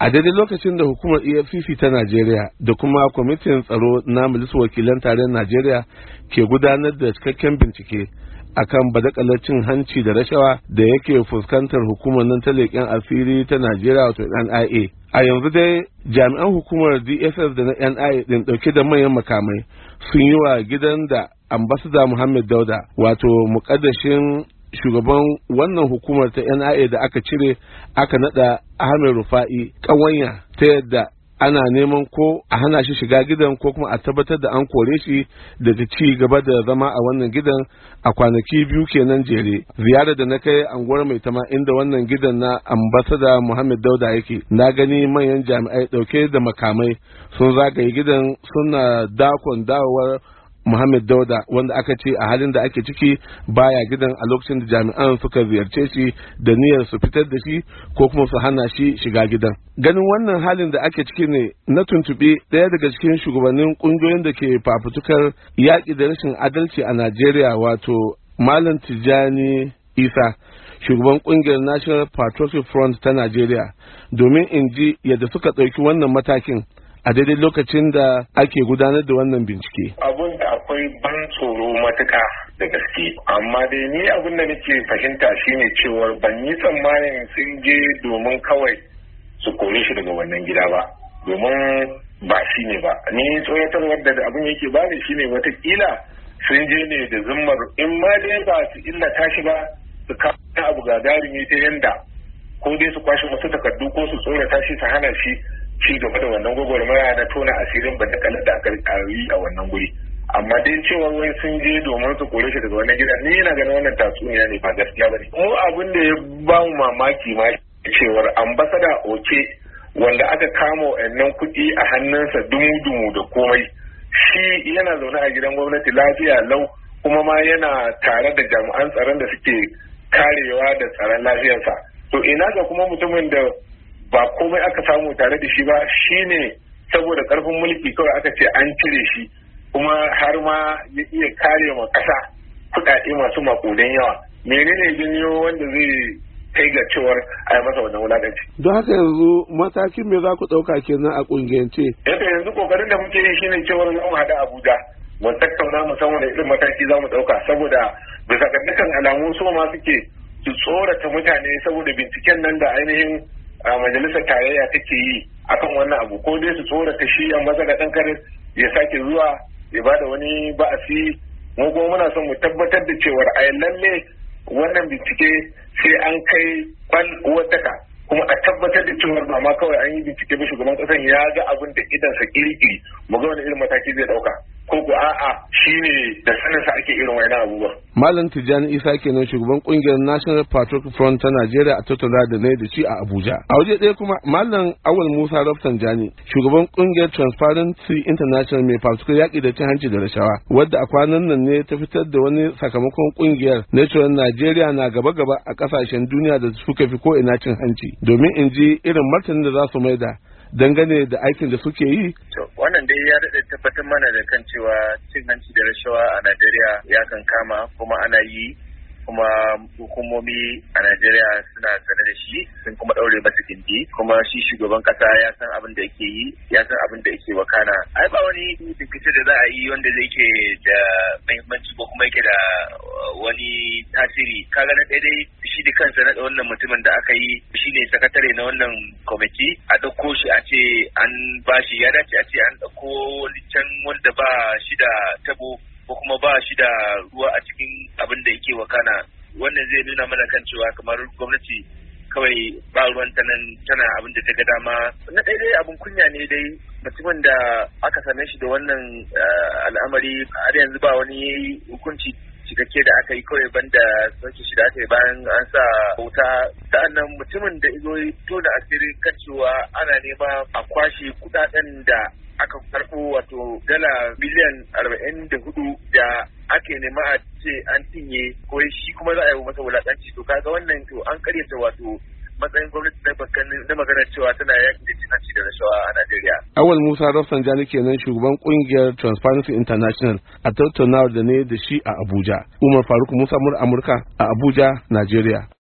a daidai lokacin da hukumar efcc ta najeriya da kuma kwamitin tsaro na majalisar wakilan tarayyar najeriya ke gudanar da cikakken bincike akan badakalar cin hanci da rashawa da yake fuskantar hukumar nan ta leƙen asiri ta najeriya wato nia a yanzu dai jami'an hukumar dss da na nia din ɗauke da manyan makamai sun yi wa gidan da ambasada muhammad dauda wato muƙaddashin shugaban wannan hukumar ta nia da aka cire aka nada ahmed rufa'i kawanya ta yadda ana neman ko a hana shi shiga gidan ko kuma a tabbatar da an kore shi daga ci gaba da zama a wannan gidan a kwanaki biyu kenan jere ziyarar da na kai anguwar mai tama inda wannan gidan na ambasada muhammad dauda yake na gani manyan jami'ai dauke da makamai sun zagaye gidan suna dakon dawowar Muhammad Dauda wanda aka ce a halin da ake ciki baya gidan a lokacin da jami'an suka ziyarce shi da niyyar su fitar da shi ko kuma su hana shi shiga gidan. Ganin wannan halin da ake ciki ne na tuntuɓe ɗaya daga cikin shugabannin ƙungiyoyin da ke fafutukar yaƙi da rashin adalci a Najeriya wato Malam Tijjani Isa. shugaban ƙungiyar national patriotic front ta najeriya domin in ji yadda suka ɗauki wannan matakin a daidai lokacin da ake gudanar da wannan bincike abun da akwai ban tsoro matuka da gaske amma dai ni abin da nake fahimta shine cewar ban yi tsammanin sun je domin kawai su kore shi daga wannan gida ba domin ba shi ne ba ni tsoyatar wadda da abin yake bani shine watakila sun je ne da zummar in ma dai ba su illa shi ba su kawo abu ne ta yanda ko dai su kwashe wasu takardu ko su tsorata shi su hana shi ci gaba da wannan gwagwarmaya na tona asirin ba da kalar da aka a wannan guri. amma dai cewa wai sun je domin su kore shi daga wannan gida ni yana ganin wannan tatsuniya ne ba gaskiya bane mu abin da ya ba mu mamaki ma cewar ambasada oke wanda aka kama wa'annan kuɗi a hannunsa dumu-dumu da komai shi yana zaune a gidan gwamnati lafiya lau kuma ma yana tare da jami'an tsaron da suke karewa da tsaron lafiyarsa to ina ga kuma mutumin da ba komai aka samu tare da shi ba shine saboda karfin mulki kawai aka ce an cire shi kuma har ma ya iya kare ma kasa kuɗaɗe masu makudan yawa menene jinyo wanda zai kai ga cewar a yi masa wannan wulaƙanci. Don haka yanzu matakin me za ku ɗauka kenan a ƙungiyance? Yadda yanzu ƙoƙarin da muke yi shine cewar za mu haɗa Abuja mu tattauna mu san wani irin mataki za mu ɗauka saboda bisa ga dukkan alamu su ma suke su tsorata mutane saboda binciken nan da ainihin majalisar tarayya take yi akan wannan abu ko dai su tsorata shi yan maza ɗan ya sake zuwa ya bada wani ba'asi mu kuma muna son mu tabbatar da cewar a lalle wannan bincike sai an kai kwan uwartaka kuma a tabbatar da cewar ba ma kawai an yi bincike ba shugaban kasan ya ga abin da idan sa kiri-kiri mu ga wani irin mataki zai dauka ko ko a'a shine da sanin ake irin wani abubuwa Malam Tijjani Isa kenan shugaban kungiyar National Patriotic Front ta Najeriya a tattauna da ne da shi a Abuja. A waje ɗaya kuma Malam Awal Musa Jani shugaban kungiyar Transparency International mai fafutukar yaƙi da cin hanci da rashawa wadda a kwanan nan ne ta fitar da wani sakamakon kungiyar Natural Najeriya na gaba-gaba a ƙasashen duniya da suka fi ko ina cin hanci domin in ji irin martanin da za su maida dangane da aikin da suke yi? Wannan dai ya daɗa tabbatar mana da kan cewa cin hanci da rashawa a Najeriya ya kan kama kuma ana yi kuma hukumomi a Najeriya suna sane da shi sun kuma daure masa gindi kuma shi shugaban kasa ya san abin da yake yi ya san abin da yake wakana ai ba wani rikici da za a yi wanda zai ke da muhimmanci wani tasiri kaga na daidai shi da kansa na wannan mutumin da aka yi shine sakatare na wannan kwamiti a dauko shi a ce an bashi ya dace a ce an dauko wani can wanda ba shi da tabo ko kuma ba shi da ruwa a cikin abin da yake wakana wannan zai nuna mana kan cewa kamar gwamnati kawai ba ruwan ta nan tana abin da ta ga dama na daidai abin kunya ne dai mutumin da aka same shi da wannan eh, al'amari har yanzu ba wani hukunci cikakke da aka yi kawai banda sarki shi da aka yi bayan an sa wuta sa'annan mutumin da izo tona asiri kan cewa ana nema a kwashe kudaden da aka karɓo wato dala miliyan arba'in da hudu da ake nema a ce an cinye ko shi kuma za a yi masa wulaƙanci to kaga wannan to an karyata wato matsayin gwamnati na na maganar cewa tana yaƙi da cin da rashawa a Najeriya. Awal Musa Rafsanjani kenan shugaban kungiyar Transparency International a tattaunawar da ne da shi a Abuja. Umar Faruk Musa mur Amurka a Abuja, Najeriya.